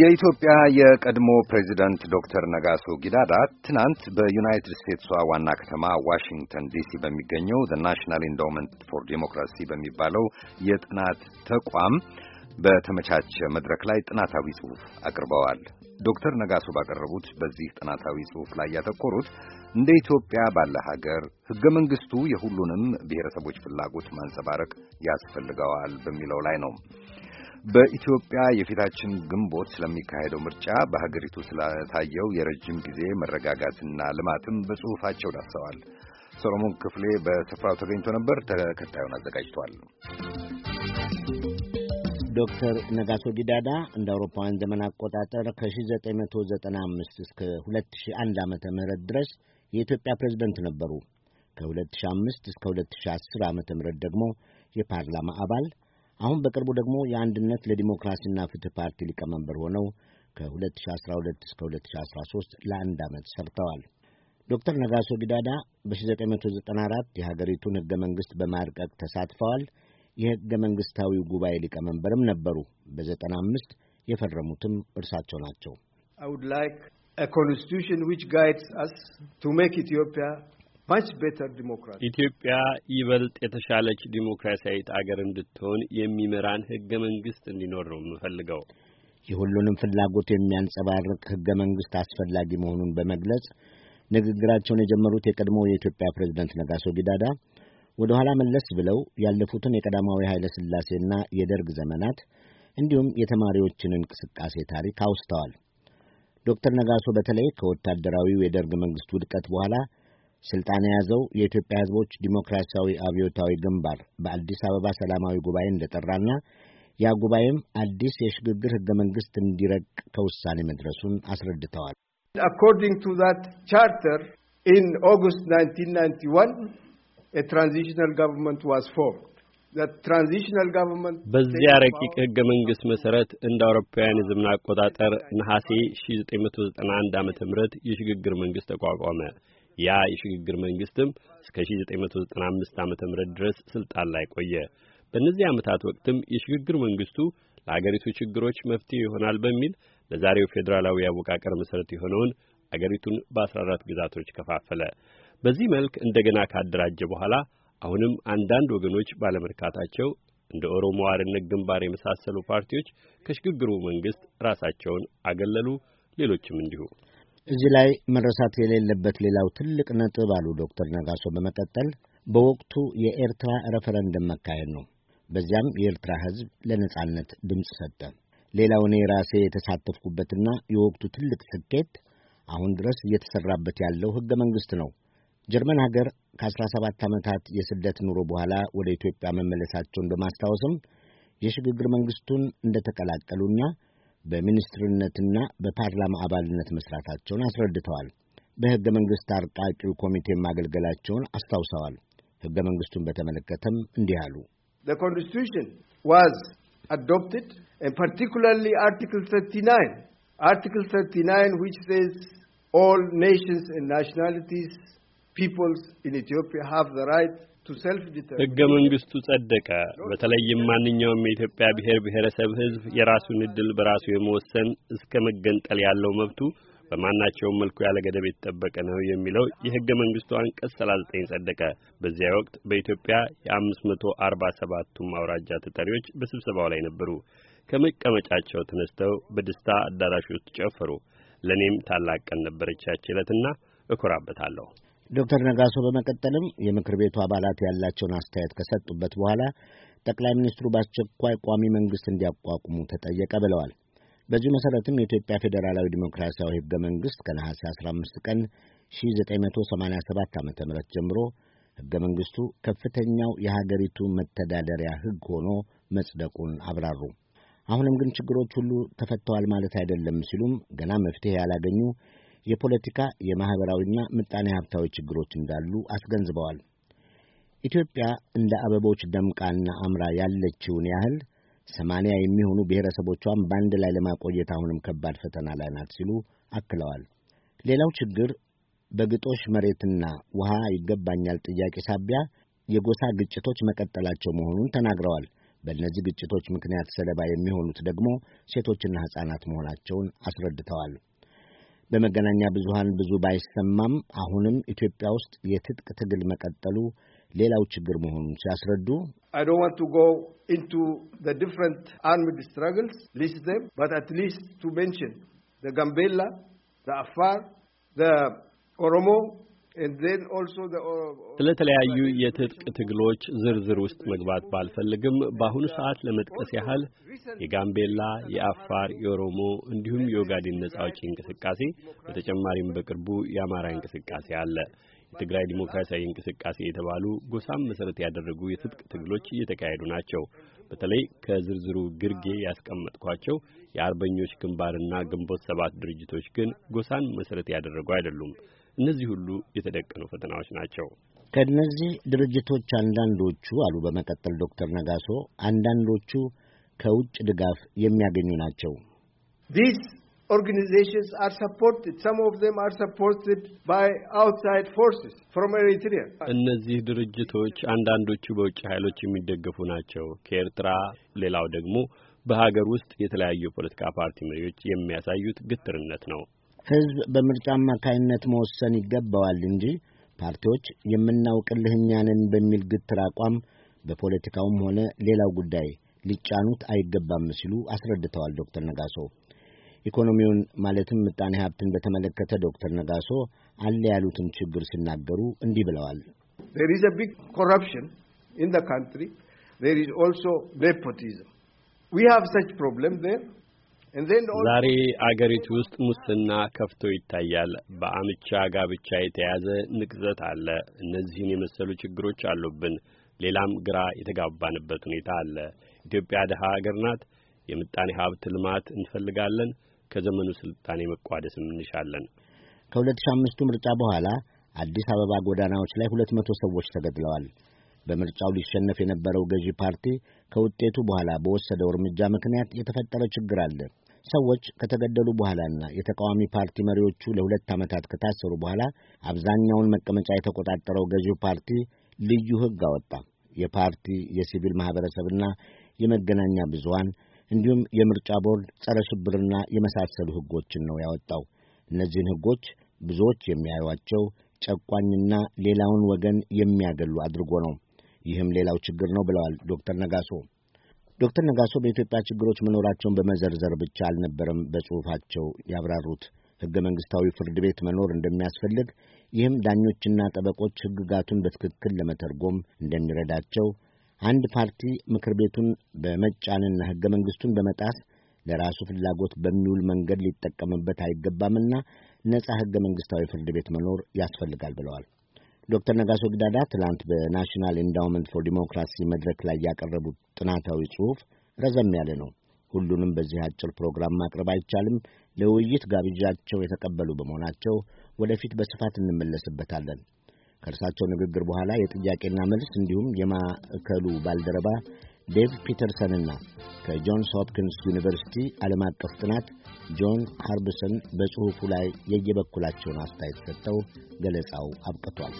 የኢትዮጵያ የቀድሞ ፕሬዚደንት ዶክተር ነጋሶ ጊዳዳ ትናንት በዩናይትድ ስቴትሷ ዋና ከተማ ዋሽንግተን ዲሲ በሚገኘው ዘ ናሽናል ኢንዶመንት ፎር ዴሞክራሲ በሚባለው የጥናት ተቋም በተመቻቸ መድረክ ላይ ጥናታዊ ጽሑፍ አቅርበዋል። ዶክተር ነጋሶ ባቀረቡት በዚህ ጥናታዊ ጽሑፍ ላይ ያተኮሩት እንደ ኢትዮጵያ ባለ ሀገር ሕገ መንግሥቱ የሁሉንም ብሔረሰቦች ፍላጎት ማንጸባረቅ ያስፈልገዋል በሚለው ላይ ነው። በኢትዮጵያ የፊታችን ግንቦት ስለሚካሄደው ምርጫ በሀገሪቱ ስለታየው የረጅም ጊዜ መረጋጋትና ልማትም በጽሑፋቸው ዳሰዋል። ሰሎሞን ክፍሌ በስፍራው ተገኝቶ ነበር። ተከታዩን አዘጋጅቷል። ዶክተር ነጋሶ ጊዳዳ እንደ አውሮፓውያን ዘመን አቆጣጠር ከ1995 እስከ 2001 ዓ ም ድረስ የኢትዮጵያ ፕሬዝደንት ነበሩ። ከ2005 እስከ 2010 ዓ ም ደግሞ የፓርላማ አባል አሁን በቅርቡ ደግሞ የአንድነት ለዲሞክራሲና ፍትህ ፓርቲ ሊቀመንበር ሆነው ከ2012 እስከ 2013 ለአንድ ዓመት ሰርተዋል። ዶክተር ነጋሶ ጊዳዳ በ1994 የሀገሪቱን ሕገ መንግሥት በማርቀቅ ተሳትፈዋል። የሕገ መንግሥታዊው ጉባኤ ሊቀመንበርም ነበሩ። በ95 የፈረሙትም እርሳቸው ናቸው። I ኢትዮጵያ ይበልጥ የተሻለች ዲሞክራሲያዊት አገር እንድትሆን የሚመራን ህገ መንግስት እንዲኖር ነው የምፈልገው። የሁሉንም ፍላጎት የሚያንጸባርቅ ህገ መንግስት አስፈላጊ መሆኑን በመግለጽ ንግግራቸውን የጀመሩት የቀድሞ የኢትዮጵያ ፕሬዝደንት ነጋሶ ጊዳዳ ወደ ኋላ መለስ ብለው ያለፉትን የቀዳማዊ ኃይለ ሥላሴና የደርግ ዘመናት እንዲሁም የተማሪዎችን እንቅስቃሴ ታሪክ አውስተዋል። ዶክተር ነጋሶ በተለይ ከወታደራዊው የደርግ መንግሥት ውድቀት በኋላ ስልጣን የያዘው የኢትዮጵያ ሕዝቦች ዲሞክራሲያዊ አብዮታዊ ግንባር በአዲስ አበባ ሰላማዊ ጉባኤ እንደጠራና ያ ጉባኤም አዲስ የሽግግር ህገ መንግስት እንዲረቅ ከውሳኔ መድረሱን አስረድተዋል። አኮርዲንግ ቱ ዛት ቻርተር ኢን ኦገስት 1991 ትራንዚሽናል ጋቨርንመንት ዋዝ ፎርምድ በዚያ ረቂቅ ህገ መንግስት መሰረት እንደ አውሮፓውያን የዘመን አቆጣጠር ነሐሴ 1991 ዓ.ም የሽግግር መንግስት ተቋቋመ። ያ የሽግግር መንግስትም እስከ 1995 ዓ.ም ድረስ ስልጣን ላይ ቆየ። በእነዚህ ዓመታት ወቅትም የሽግግር መንግስቱ ለአገሪቱ ችግሮች መፍትሄ ይሆናል በሚል ለዛሬው ፌዴራላዊ አወቃቀር መሰረት የሆነውን አገሪቱን በ14 ግዛቶች ከፋፈለ። በዚህ መልክ እንደገና ካደራጀ በኋላ አሁንም አንዳንድ ወገኖች ባለመርካታቸው እንደ ኦሮሞ አርነት ግንባር የመሳሰሉ ፓርቲዎች ከሽግግሩ መንግስት ራሳቸውን አገለሉ። ሌሎችም እንዲሁ እዚህ ላይ መረሳት የሌለበት ሌላው ትልቅ ነጥብ አሉ ዶክተር ነጋሶ በመቀጠል በወቅቱ የኤርትራ ሬፈረንደም መካሄድ ነው። በዚያም የኤርትራ ሕዝብ ለነጻነት ድምፅ ሰጠ። ሌላው እኔ ራሴ የተሳተፍኩበትና የወቅቱ ትልቅ ስኬት አሁን ድረስ እየተሰራበት ያለው ሕገ መንግሥት ነው። ጀርመን ሀገር ከ17 ዓመታት የስደት ኑሮ በኋላ ወደ ኢትዮጵያ መመለሳቸውን በማስታወስም የሽግግር መንግሥቱን እንደተቀላቀሉና በሚኒስትርነትና በፓርላማ አባልነት መስራታቸውን አስረድተዋል። በሕገ መንግሥት አርቃቂው ኮሚቴ ማገልገላቸውን አስታውሰዋል። ሕገ መንግሥቱን በተመለከተም እንዲህ አሉ። The Constitution was adopted and particularly Article 39. Article 39 which says all nations and nationalities peoples in Ethiopia have the right ህገ መንግስቱ ጸደቀ። በተለይም ማንኛውም የኢትዮጵያ ብሔር ብሔረሰብ ህዝብ የራሱን እድል በራሱ የመወሰን እስከ መገንጠል ያለው መብቱ በማናቸውም መልኩ ያለ ገደብ የተጠበቀ ነው የሚለው የህገ መንግስቱ አንቀጽ 39 ጸደቀ። በዚያ ወቅት በኢትዮጵያ የ547ቱም አውራጃ ተጠሪዎች በስብሰባው ላይ ነበሩ። ከመቀመጫቸው ተነስተው በደስታ አዳራሽ ውስጥ ጨፈሩ። ለእኔም ታላቅ ቀን ነበረች ያቺ ዕለትና እኮራበታለሁ። ዶክተር ነጋሶ በመቀጠልም የምክር ቤቱ አባላት ያላቸውን አስተያየት ከሰጡበት በኋላ ጠቅላይ ሚኒስትሩ በአስቸኳይ ቋሚ መንግስት እንዲያቋቁሙ ተጠየቀ ብለዋል። በዚሁ መሠረትም የኢትዮጵያ ፌዴራላዊ ዲሞክራሲያዊ ሕገ መንግሥት ከነሐሴ 15 ቀን 1987 ዓ ም ጀምሮ ሕገ መንግሥቱ ከፍተኛው የሀገሪቱ መተዳደሪያ ሕግ ሆኖ መጽደቁን አብራሩ። አሁንም ግን ችግሮች ሁሉ ተፈተዋል ማለት አይደለም ሲሉም ገና መፍትሄ ያላገኙ የፖለቲካ የማኅበራዊና ምጣኔ ሀብታዊ ችግሮች እንዳሉ አስገንዝበዋል። ኢትዮጵያ እንደ አበቦች ደምቃና አምራ ያለችውን ያህል ሰማንያ የሚሆኑ ብሔረሰቦቿን በአንድ ላይ ለማቆየት አሁንም ከባድ ፈተና ላይ ናት ሲሉ አክለዋል። ሌላው ችግር በግጦሽ መሬትና ውሃ ይገባኛል ጥያቄ ሳቢያ የጎሳ ግጭቶች መቀጠላቸው መሆኑን ተናግረዋል። በእነዚህ ግጭቶች ምክንያት ሰለባ የሚሆኑት ደግሞ ሴቶችና ሕፃናት መሆናቸውን አስረድተዋል። በመገናኛ ብዙሃን ብዙ ባይሰማም አሁንም ኢትዮጵያ ውስጥ የትጥቅ ትግል መቀጠሉ ሌላው ችግር መሆኑን ሲያስረዱ ጋምቤላ፣ አፋር፣ ኦሮሞ Uh, uh, ስለተለያዩ የትጥቅ ትግሎች ዝርዝር ውስጥ መግባት ባልፈልግም በአሁኑ ሰዓት ለመጥቀስ ያህል የጋምቤላ፣ የአፋር፣ የኦሮሞ እንዲሁም የኦጋዴን ነጻ አውጪ እንቅስቃሴ በተጨማሪም በቅርቡ የአማራ እንቅስቃሴ አለ። የትግራይ ዲሞክራሲያዊ እንቅስቃሴ የተባሉ ጎሳም መሰረት ያደረጉ የትጥቅ ትግሎች እየተካሄዱ ናቸው። በተለይ ከዝርዝሩ ግርጌ ያስቀመጥኳቸው የአርበኞች ግንባርና ግንቦት ሰባት ድርጅቶች ግን ጎሳን መሰረት ያደረጉ አይደሉም። እነዚህ ሁሉ የተደቀኑ ፈተናዎች ናቸው። ከእነዚህ ድርጅቶች አንዳንዶቹ አሉ፣ በመቀጠል ዶክተር ነጋሶ አንዳንዶቹ ከውጭ ድጋፍ የሚያገኙ ናቸው። እነዚህ ድርጅቶች አንዳንዶቹ በውጭ ኃይሎች የሚደገፉ ናቸው ከኤርትራ፣ ሌላው ደግሞ በሀገር ውስጥ የተለያዩ የፖለቲካ ፓርቲ መሪዎች የሚያሳዩት ግትርነት ነው። ህዝብ በምርጫ አማካይነት መወሰን ይገባዋል እንጂ ፓርቲዎች የምናውቅልህኛንን በሚል ግትር አቋም በፖለቲካውም ሆነ ሌላው ጉዳይ ሊጫኑት አይገባም ሲሉ አስረድተዋል ዶክተር ነጋሶ። ኢኮኖሚውን ማለትም ምጣኔ ሀብትን በተመለከተ ዶክተር ነጋሶ አለ ያሉትን ችግር ሲናገሩ እንዲህ ብለዋል። there is a big corruption in ዛሬ አገሪቱ ውስጥ ሙስና ከፍቶ ይታያል። በአምቻ ጋብቻ የተያዘ ንቅዘት አለ። እነዚህን የመሰሉ ችግሮች አሉብን። ሌላም ግራ የተጋባንበት ሁኔታ አለ። ኢትዮጵያ ድሃ ሀገር ናት። የምጣኔ ሀብት ልማት እንፈልጋለን። ከዘመኑ ስልጣኔ መቋደስም እንሻለን። ከ 2005 ቱ ምርጫ በኋላ አዲስ አበባ ጎዳናዎች ላይ 200 መቶ ሰዎች ተገድለዋል። በምርጫው ሊሸነፍ የነበረው ገዢ ፓርቲ ከውጤቱ በኋላ በወሰደው እርምጃ ምክንያት የተፈጠረ ችግር አለ። ሰዎች ከተገደሉ በኋላና የተቃዋሚ ፓርቲ መሪዎቹ ለሁለት ዓመታት ከታሰሩ በኋላ አብዛኛውን መቀመጫ የተቆጣጠረው ገዢው ፓርቲ ልዩ ሕግ አወጣ። የፓርቲ የሲቪል ማኅበረሰብና የመገናኛ ብዙሃን እንዲሁም የምርጫ ቦርድ ጸረ ሽብርና የመሳሰሉ ሕጎችን ነው ያወጣው። እነዚህን ሕጎች ብዙዎች የሚያዩቸው ጨቋኝና ሌላውን ወገን የሚያገሉ አድርጎ ነው ይህም ሌላው ችግር ነው ብለዋል ዶክተር ነጋሶ። ዶክተር ነጋሶ በኢትዮጵያ ችግሮች መኖራቸውን በመዘርዘር ብቻ አልነበረም በጽሑፋቸው ያብራሩት። ሕገ መንግሥታዊ ፍርድ ቤት መኖር እንደሚያስፈልግ ይህም ዳኞችና ጠበቆች ሕግጋቱን በትክክል ለመተርጎም እንደሚረዳቸው፣ አንድ ፓርቲ ምክር ቤቱን በመጫንና ሕገ መንግሥቱን በመጣስ ለራሱ ፍላጎት በሚውል መንገድ ሊጠቀምበት አይገባምና ነጻ ሕገ መንግሥታዊ ፍርድ ቤት መኖር ያስፈልጋል ብለዋል። ዶክተር ነጋሶ ጊዳዳ ትላንት በናሽናል ኤንዳውመንት ፎር ዲሞክራሲ መድረክ ላይ ያቀረቡት ጥናታዊ ጽሑፍ ረዘም ያለ ነው። ሁሉንም በዚህ አጭር ፕሮግራም ማቅረብ አይቻልም። ለውይይት ጋብዣቸው የተቀበሉ በመሆናቸው ወደፊት በስፋት እንመለስበታለን። ከእርሳቸው ንግግር በኋላ የጥያቄና መልስ እንዲሁም የማዕከሉ ባልደረባ ዴቭ ፒተርሰንና ከጆንስ ሆፕኪንስ ዩኒቨርሲቲ ዓለም አቀፍ ጥናት ጆን ሃርብሰን በጽሑፉ ላይ የየበኩላቸውን አስተያየት ሰጥተው ገለጻው አብቅቷል።